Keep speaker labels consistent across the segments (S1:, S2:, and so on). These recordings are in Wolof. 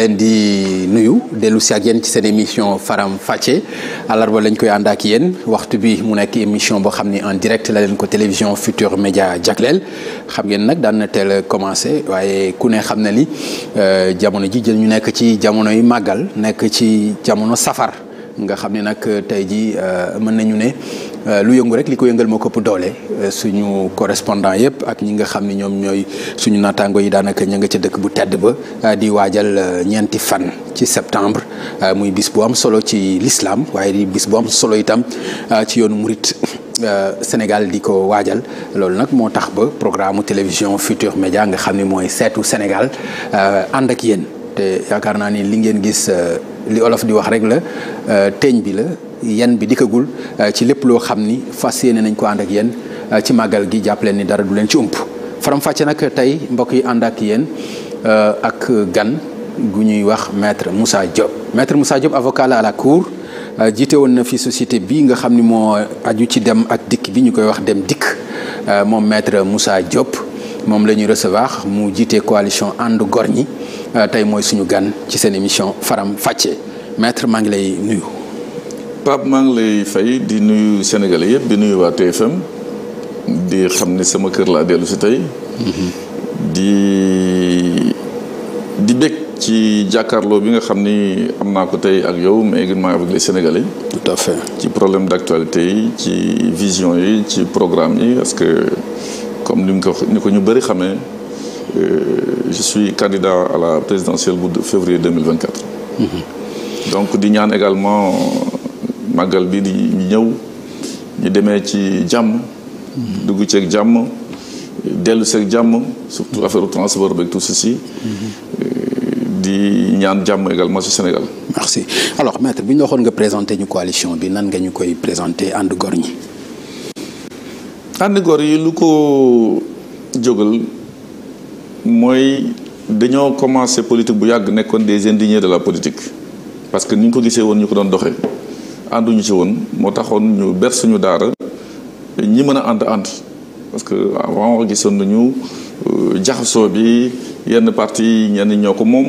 S1: leen di nuyu dellu si ak yéen ci seen émission Faram Facce àllarba lañ koy ànd ak yéen waxtu bi mu nekk émission boo xam ni en direct la leen ko télévision Futur Média jagleel xam ngeen nag daan na teel a commencé waaye ku ne xam na ni euh, jamono ji jël ñu nekk ci jamono yi màggal nekk ci jamono safar nga xam ne nag tey ji euh, mën nañu ne. Euh, lu yëngu rek li ko yëngal moo ko ëpp doole euh, suñu correspondant yëpp ak ñi nga xam ne ñoom ñooy suñu naataango yi daanaka ña nga ca dëkk bu tedd ba euh, di waajal ñeenti fan ci septembre muy bis bu am solo ci lislaam waaye di bis bu am solo itam ci yoonu murit Sénégal di ko waajal loolu nag moo tax ba programme télévision Futur Média nga xam ni mooy seetu Sénégal ànd ak yéen te yaakaar naa ni li ngeen gis li olof di wax rek la teeñ bi la yan bi dikkagul euh, ci lépp loo xam ni fas yéene nañ ko ànd ak yéen euh, ci màggal gi jàpp ni dara du leen ci ump faram fàcce nag tey mbokk yi ànd ak yéen euh, ak gan gu ñuy wax maître Moussa Diop maître mussa Diop avocat jiite woon na fi société bi nga xam ni moo aju ci dem ak dikk bi ñu koy wax dem dikk moom maître Moussa Diop moom la ñuy recevoir mu jiite coalition ànd gor ñi tey mooy suñu gan ci seen émission faram fàcce maître maa ngi lay nuyu.
S2: Pape maa ngi lay fay di nuyu Sénégalais yëpp di nuyu waa TFM di xam ne sama kër laa dellu si tey. di di bég ci jàkkaarloo bi nga xam ni am naa ko tey ak yow mais également avec les Sénégalais. tout à fait ci problème d'actualité yi ci vision yi ci programme yi parce que comme ni ko ni ko ñu bëri xamee euh, je suis candidat à la présidentielle bu février 2024. Mhm. donc di ñaan également. màggal bi di ñëw ñu demee ci jàmm dugg ceeg jàmm dellu seeg jàmm surtout affaire transport beeg tout ceci di ñaan jàmm également ci Sénégal merci alors bi ñu waxoon nga présenté ñu coalition bi nan nga ñu koy présenté ànd gor ñi ànd gor yi lu ko jógal mooy dañoo commencé politique bu yàgg nekkoon des indignés de la politique parce que ni ñu ko gisee woon ñu ko doon doxee ànduñu ci woon moo taxoon ñu ber suñu daara ñi mën a ànd ànd parce que avant gisoon nañu euh, jaxasoo bi yenn parti ñenn ñoo ko moom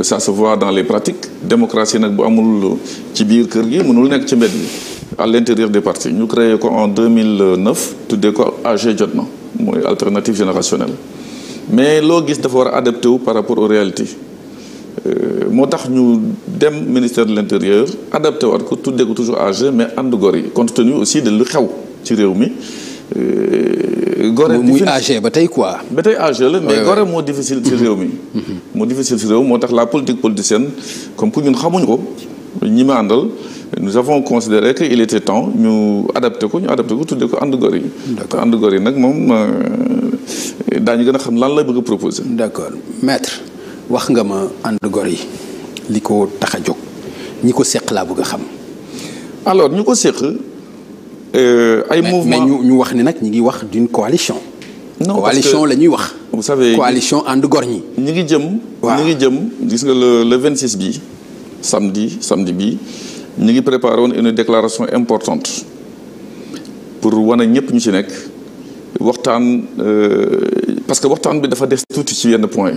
S2: ça se voit dans les pratiques démocratie nag bu amul ci biir kër gi mënul nekk ci mbedd bi à l'intérieur des partis ñu créé ko en 2009 tuddee ko AG jot na mooy alternative générationnelle mais loo gis dafa war a adapté wu par rapport aux réalités Euh, moo tax ñu dem ministère de l'intérieur adapté waat ko tuddee ko toujours à mais ànd gor yi compte tenu aussi de lu xew ci réew mi. Euh, Gorée muy âgé ba tey quoi. ba tey âgé la mais Gorée mhm. moo difficile ci réew mi. moo difficile ci réew moo tax la politique politicienne comme que ñun xamuñu ko ñi ma àndal nous avons considéré que il était temps ñu adapté ko ñu adapté ko tuddee ko ànd gor yi. d'accord ànd yi nag moom euh, daañu gën a xam lan la bëgg a proposé. d'accord wax nga ma ànd gor yi
S1: li ko tax a jóg ñi ko seq laa bëgg a xam. alors ñu ko seq. Euh, ay mouvement ñu ñu wax ni nag ñu ngi wax d'une coalition. non coalition la ñuy wax.
S2: vous savez coalition ànd gor ñi. ñi ngi jëm. waaw ñi ngi jëm gis nga le le 26 bi samedi samedi bi ñi ngi préparé woon une déclaration importante pour wane ñëpp ñu ci nekk waxtaan euh, parce que waxtaan bi dafa def tuuti ci yenn point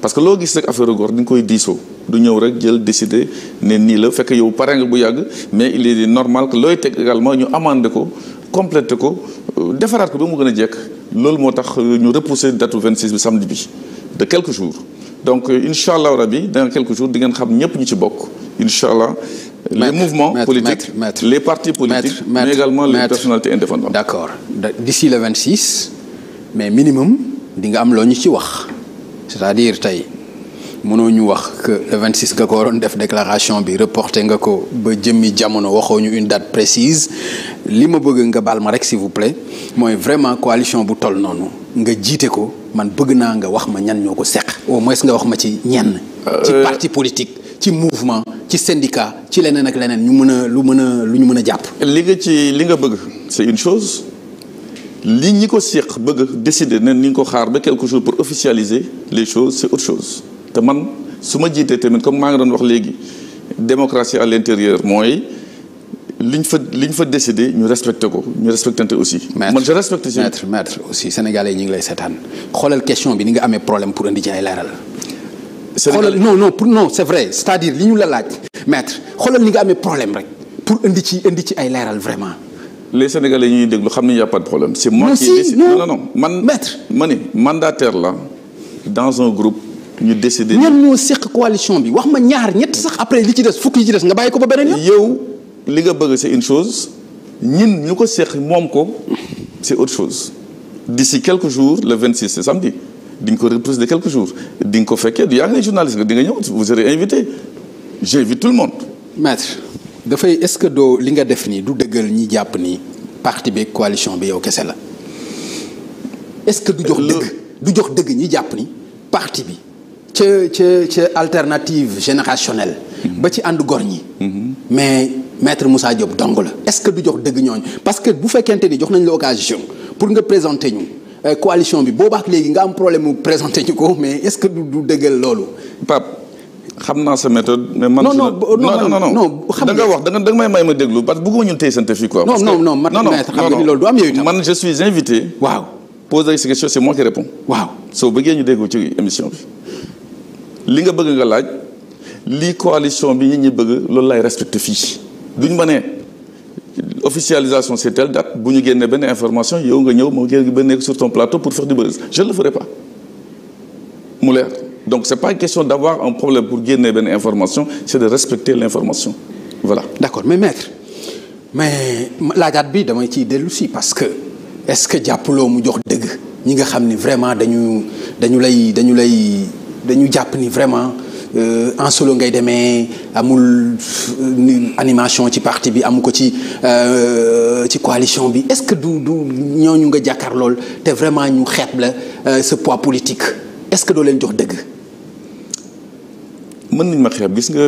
S2: parce que loo gis rek affaire góor di nga koy diisoo du ñëw rek jël décider ne nii la fekk yow pare nga bu yàgg mais il est normal que looy teg également ñu amandé ko complété ko euh, defaraat ko ba mu gën a jekk loolu moo tax euh, ñu repousser date 26 bi samedi bi de quelques jours donc euh, incha allah rabi dans quelques jours di ngeen xam ñëpp ñu ci bokk incha allah. les maître, mouvements maître, politiques maître, les partis politiques. mais également les personnalités indépendantes. d'accord d'ici le 26 mais
S1: minimum di nga am loo ñu ci wax. c'est-à-dire tey mënoo ñu wax que le nga ko waroon def déclaration bi reporté nga ko ba jëmmi jamono waxoo ñu une date précise li ma bëgg nga baal ma rek s'il vous plaît mooy vraiment coalition bu toll noonu nga jiite ko man bëgg naa nga wax ma ñan ñoo ko seq. au moins nga wax ma ci ñenn. ci euh, parti politique ci mouvement ci syndicat ci leneen ak leneen ñu mën a lu mën a lu ñu mën a jàpp.
S2: li nga ci li nga bëgg c'est une chose. li ñi ko séq bëgg décider ne ni ñu ko xaar ba quelque chose pour officialiser les choses c'est autre chose te man su ma jiitee tamit comme maa ngi doon wax léegi démocratie à l'intérieur mooy liñ fa liñ fa décidé ñu respecté ko ñu respectante aussi. man je respecte si maître maître aussi sénégalais ñu ngi
S1: lay seetaan xoolal question bi ni nga amee problème pour indi ci ay leeral. xoolal non non pour non c'est vrai c'est-à-dire li ñu la laaj maître xoolal ni nga amee problème rek pour indi ci indi ci ay leeral vraiment.
S2: les sénégalais yi ñuy déglu xam nañu y' a pas de problème. c'est moi qui décide non non non man. maître ma ne mandataire la dans un groupe. ñu décider ñan
S1: ñoo seq coalition
S2: bi wax ma ñaar ñett sax après li ci des fukk yi ci des nga bàyyi ko ba beneen yoon. yow li nga bëgg c'est une chose ñin ñu ko seq moom ko c'est autre chose d'ici quelque jours le 26 c'est samedi di nga ko reprise de quelques jours di nga ko fekkee du yaa ngi ne journaliste nga di nga ñëw vous serez invité j'invite tout le dafay est-ce que doo li nga def nii du
S1: dëggal ñi jàpp ni parti bi coalition bi yow kese la est-ce que du jox dëgg du jox dëgg ñi jàpp ni parti bi ca ca ca alternative générationnelle mm-hmm. ba ci ànd gor ñi mm-hmm. mais maître Moussa Diop dong la est-ce que du jox dëgg ñooñ parce que bu fekkente ni jox nañ la occasion pour nga présenter ñu euh, coalition
S2: bi boobaak léegi nga am problème mu présenter ñu ko mais est-ce que du dëggal loolu Pape xam naa sa méthode. mais man non non non non non da nga wax da nga may may ma déglu parce que bëgguma ñun tey sant fii quoi. parce que non non non non xam nga ni loolu du am yow itam man je suis invité. waaw poser ces questions c'est moi qui réponds. waaw soo bëggee ñu déglu ci émission bi. li nga bëgg nga laaj lii coalition bi nit ñi bëgg loolu lay respecté fii duñ ma ne officialisation c'est telle date bu ñu génnee benn information yow nga ñëw ma génn ba nekk sur ton plateau pour faire du buzz je ne le ferai pas mu leer. donc c'est pas question d'avoir un problème pour génne benn information c'est de respecter l'information voilà. d'accord mais maître
S1: mais laajaat bi damay ciy dellu parce que est-ce que jàppaloo mu jox dëgg ñi nga xam ni vraiment dañu dañu lay dañu lay dañu jàpp ni vraiment. Euh, en solo ngay demee amul euh, animation ci parti bi amu ko ci euh, ci coalition bi est-ce que du du ñooñu nga jàkkaar lool te vraiment ñu xeeb la euh, ce poids politique est-ce que doo leen jox dëgg
S2: mën nañ ma xeeb gis nga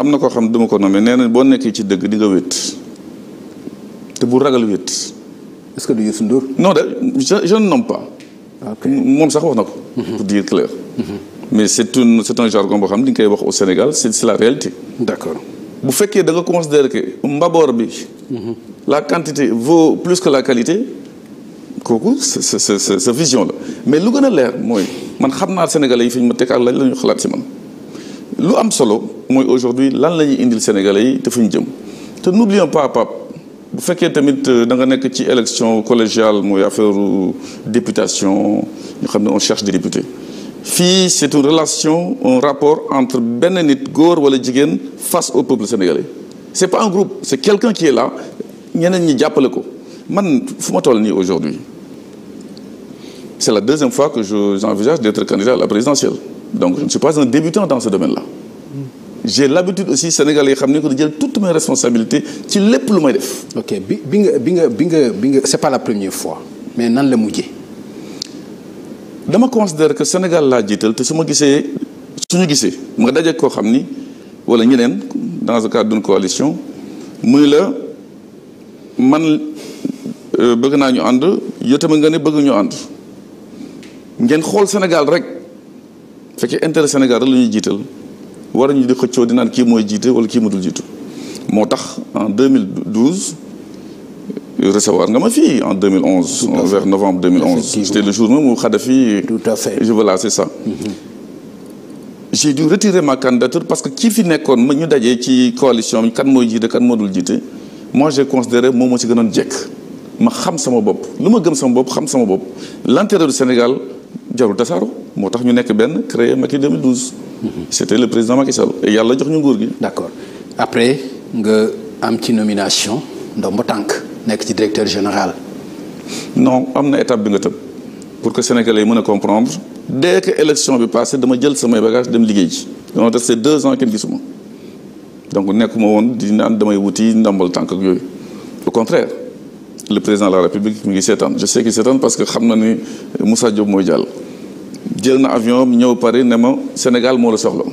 S2: am na koo xam duma ko nommé nee na boo nekkee ci dëgg di nga wét te bu ragal wét. est-ce que du Youssou Ndour. non de je je ne pas. moom sax wax na ko. Mhm. pour dire clair. Mhm. mais c'est une c'est un jargon boo xam ne li nga koy wax au Sénégal c'est c'est la réalité. d'accord bu fekkee da nga considérer mbaboor bi. Mhm. la quantité vaut plus que la qualité. kooku sa sa sa sa vision la mais lu gën a leer mooy man xam naa Sénégalais yi fi ñu ma teg ak lañ la ñu xalaat ci lu am solo mooy aujourd'hui lan la ñuy indil Sénégalais yi te fu ñu jëm te n'oublions pas Pape bu fekkee tamit euh, da nga nekk ci élection collégiale mooy affaire députation ñu xam ne on cherche des députés fii c'est une relation un rapport entre benn nit góor wala jigéen face au peuple sénégalais c'est pas un groupe c'est quelqu'un qui est là ñeneen ñi jàppale ko man fu ma toll nii aujourd'hui c'est la deuxième fois que je j'envisage d'être candidat à la présidentielle j'ai l'habitude aussi sénégalais yi xam ne ko di jël toutes mes responsabilités ci lépp lu may def. ok bi bi nga bi nga bi nga bi nga c'est pas la première fois. mais nan la mujjee. dama considère que Sénégal laa jiital te su ma gisee suñu gisee ma daje koo xam ni wala ñeneen dans le cadre d'une coalition muy la man euh, bëgg naa ñu ànd yow tamit nga ne bëgg ñu ànd ngeen xool Sénégal rek fekkee intérêt Sénégal rek la ñuy jiital. war ñu di xëccoo di naan kii mooy jiite wala kii mu dul jiitu moo tax en 2012 recevoir nga ma fii en 2011. tout à fait vers novembre 2011. c'était le jour même où Kadhafi. tout à fait je voilà c'est ça. Mm-hmm. j'ai dû retirer ma parce que kii fi nekkoon ma ñu dajee ci coalition bi kan mooy jiite kan moo dul jiite. moi j'ai considéré moom moo ci gënoon jekk ma xam sama bopp lu ma gëm sama bopp xam sama bopp l'intérêt du Sénégal jarul tasaaro moo tax ñu nekk benn créé Macky 2012. c'était le président Macky Sall et yàlla jox ñu nguur gi. d'accord après nga am ci nomination ndombo tànk nekk ci directeur général. non am na étape bi nga tëb pour que sénégalais yi mën a comprendre dès que élection bi passé dama jël samay bagages dem liggéey ji. donc c'est deux ans kenn gisuma donc nekkuma woon di naan damay wuti ndombal tànk ak yooyu au contraire. le président de la république mi ngi seetaan je sais qu'il seetaan parce que xam na ni Moussa Diop mooy jàll jël na avion ñëw pare ne ma Sénégal moo la soxla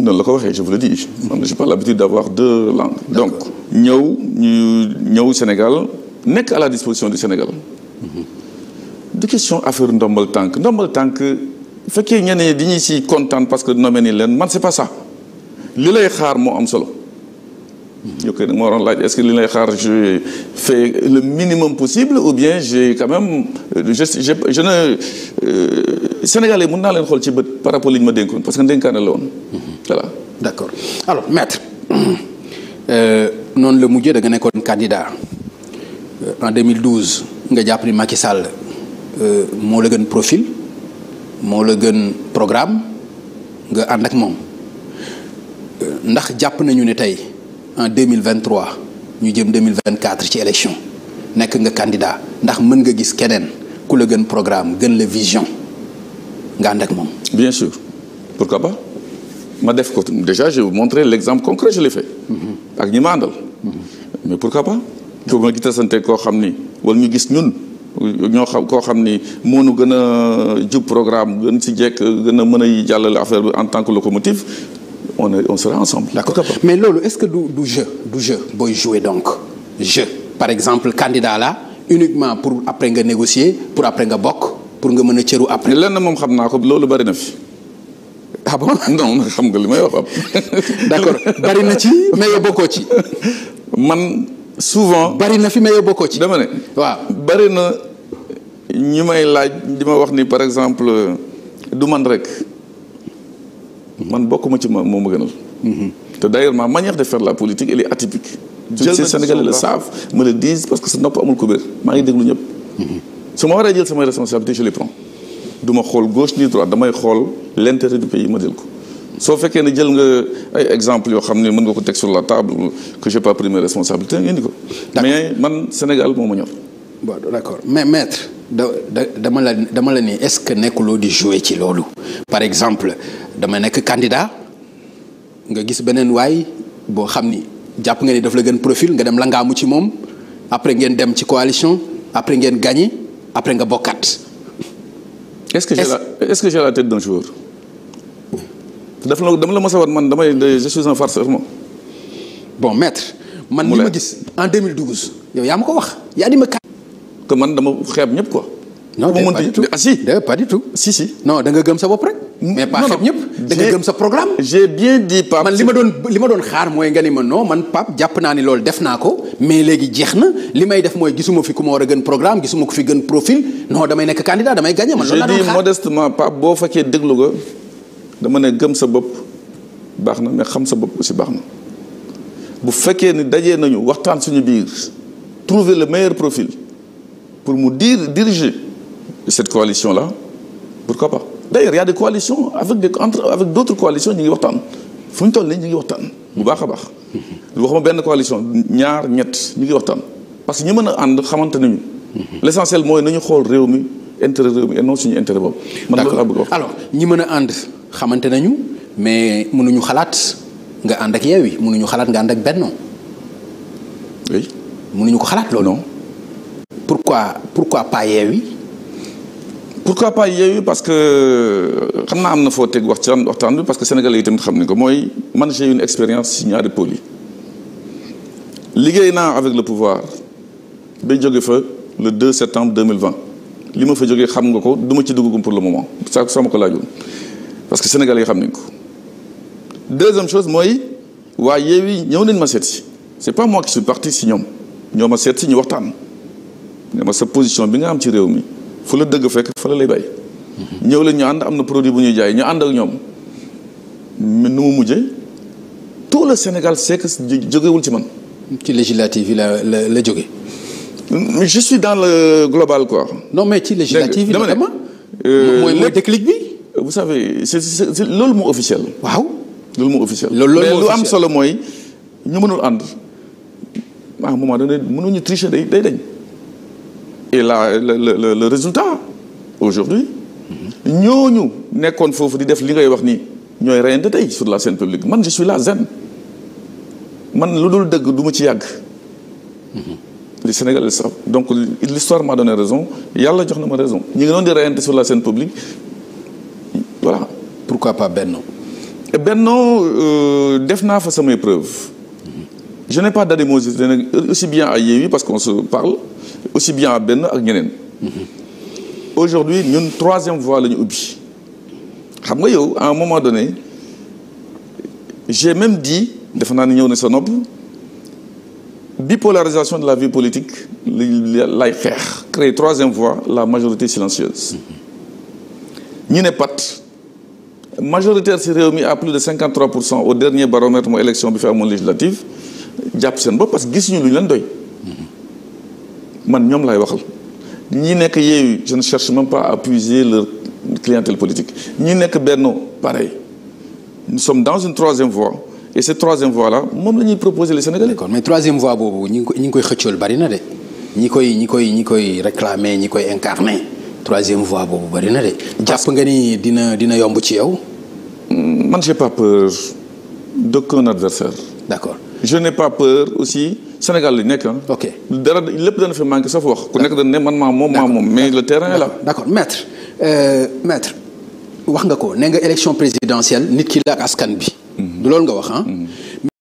S2: noonu la ko waxee je vous le dis man j'ai pas l'habitude d'avoir deux langues donc ñëw ñu ñëw Sénégal nekk à la disposition du Sénégal mm-hmm. de question affaire ndombal tànk ndombal tànk fekkee ñeneen di dañuy si kontaan parce que nommé ni leen man c'est pas ça li lay xaar moo am solo ok da moo ma waroon laaj est-ce que li lay xaar je fais le minimum possible ou bien j'ai quand même euh, je je je ne euh, Sénégalais mën naa leen xool ci bët par rapport ma dénkoon parce que dénkaane la woon voilà. d'accord alors
S1: maître euh, noonu la mujjee da nga nekkoon candidat en 2012 nga jàpp ni Macky Sall moo la gën profil moo la gën programme nga ànd ak moom ndax jàpp nañu ni tey. en 2023 ñu jëm 2024 ci élection nekk nga candidat ndax mën nga gis keneen ku la gën programme gën la vision
S2: nga ànd ak moom. bien pour pourquoi ba ma def ko déjà je vous montrer l'exemple concret je l'ai fait. Mm-hmm. ak ñi ma mais mm-hmm. mais pourquoi pas. ko ma gisante koo xam ni wal ñu gis ñun. ñoo xam koo xam ni moo nu gën a jub programme gën si jekk gën a mën a jàllale affaire bi en tant que locomotive on on sera ensemble.
S1: d'accord mais loolu est-ce que du du jeu booy jouer donc jeu par exemple candidat la uniquement pour après nga négocier pour après nga bokk pour nga mën a cëru après. lenn moom xam naa ko loolu bari na fi.
S2: ah bon non xam nga li may wax am. d'accord bari na ci mais bokkoo ci. man souvent. bari na fi mais yow bokkoo ci. dama ne waaw bari na ñi may laaj di ma wax ni par exemple du man rek. man bokkuma ci ma moo ma gënal. Mhm. te d'ailleurs ma manière de faire la politique elle est atypique.
S1: jël na Sénégalais le ah. savent
S2: me le disent parce que sa nopp amul kubéer maa ngi déglu ñëpp. Mhm. su ma waree jël samay responsabilité je les prends du ma xool gauche ni droite damay xool l'intérêt du pays ma jël ko. soo fekkee ne jël nga ay exemple yoo xam ne mën nga ko teg sur la table que j'ai pas pris mes responsabilités ngeen di ko. mais man Sénégal moo ma ñor.
S1: bon d'accord mais da dama la dama la ni est-ce que nekkuloo di jouer ci loolu par exemple dama nekk candidat nga gis beneen waay boo xam ni jàpp nga ni daf la gën profil nga dem la ngaamu ci moom après ngeen dem ci coalition après ngeen gagné
S2: après nga bokkaat. ce que que j'ai la tête d'un joueur. daf la dama la mos a man damay je suis un farceur moom. bon maître. man li ma gis
S1: en 2012. yow yaa ma ko wax yaa di ma
S2: que man dama xeeb ñëpp quoi. non day ah, pas du tout ah si. day pas du nga gëm sa bopp rek. mais pas ñëpp.
S1: da nga gëm sa programme. j'ai bien li ma doon li ma doon xaar mooy nga ni ma non man Pape jàpp naa ni loolu naa ko mais léegi jeex na li may def gisuma fi ku ma a gën programme gisuma ko fi gën profil non damay nekk candidat damay gagné man. loolu laa
S2: doon xaar boo fekkee déglu nga dama gëm sa bopp baax na mais xam sa bopp aussi baax na bu fekkee ni dajee nañu waxtaan suñu biir trouver le meilleur profil. pour mu dire diriger cette coalition la pour pas pa y a des coalitions avec des entre avec d'autres coalitions ñu ngi waxtaan fu ñu toll nii ñu ngi waxtaan bu baax a baax lu wax ma benn coalition ñaar ñett ñu ngi waxtaan parce que ñu mën a ànd xamante nañu l'essentiel mooy nañu xool réew mi intérêt réew mi suñu intérêt boobu man loolu laa bëgg wax ñi mën a ànd
S1: xamante nañu mais mënuñu xalaat nga ànd ak Yewwi mënuñu xalaat nga ànd ak Benno
S2: oui mënuñu ko xalaat loolu pourquoi pourquoi pas Yewwi pourquoi pas Yewwi parce que xam naa am na foo teg waxtaan waxtaan bi parce que sénégalais yi tamit xam nañ ko mooy man j'ai une expérience si ñaari pôle liggéey naa avec le pouvoir ba jóge fa le 2 septembre 2020 li ma fa jógee xam nga ko duma ci duggagum pour le moment sa sama ko laajoon parce que sénégalais yi xam nañ ko deuxième chose mooy waa Yewwi ñëw nañ ma seet si c'est pas moi qui suis parti si ñoom ñoo ma seet si ñu waxtaan ne ma sa position bi nga am ci réew mi fu la dëgg fekk fa la lay bay ñëw la ñu ànd am na produit bu ñuy jaay ñu ànd ak ñoom nu mu mujjee tout le Sénégal c'est que jógewul ci man. ci législative yi la la la jóge. je suis dans le global quoi. non mais ci législative yi. dama ne euh, mooy mooy déclic bi. vous savez c'est c'est loolu moo officiel. waaw loolu moo officiel. loolu moo officiel mais lu am solo mooy ñu mënul ànd à un moment donné mënuñu tricher day day la le le le résultat aujourd'hui ñooñu nekkoon foofu di def li ngay wax ni ñooy reyante tey sur la scène publique man je suis là zen man lu dul dëgg du ma ci yàgg. li Sénégal sax donc l'histoire m'a donné raison yàlla jox na ma raison ñu ngi doon di reyante sur la scène publique voilà. pourquoi pas Benno. Benno euh, def naa fa sama preuves. je n'ai pas d'animosité aussi bien à Yewwi parce qu'on se parle. aussi bien à benn ak ñeneen. aujourd'hui ñun troisième voie la ñu ubbi. xam nga yow à un moment donné j'ai même dit defe naa ni ñëw na sa nopp bipolarisation de la vie politique lay xeex. crée troisième voie la majorité silencieuse. ñu ne pat majoritaire si réew mi à plus de pour cent au dernier baromètre mooy élection bi fi amoon législative jàpp seen bopp parce que gis ñu lu ñu leen doy. man ñoom lay waxal ñi nekk yeeyu je ne cherche même pas à puiser leur clientèle politique ñi nekk Benno pareil nous sommes dans une troisième voie et cette troisième voie là moom la ñuy proposer les
S1: Sénégalais. kon mais troisième voie boobu ñi ngi koy ñi ngi koy xëccool bari na de ñi koy ñi koy ñi koy réclamer ñi koy incarner troisième voie boobu bari na de. jàpp nga ni dina dina yomb ci yow.
S2: Hmm, man j'ai pas peur d'aucun adversaire. d'accord je n'ai pas peur aussi. Sénégal lañ nekk ah. ok dara lépp dana fi manqué safu wax. ku nekk dana ne man maa moom maa moom. mais le terrain est là.
S1: d'accord maître euh, maître wax nga ko nee nga élection présidentielle nit ki la ak askan bi. Mhm. du loolu nga wax ah.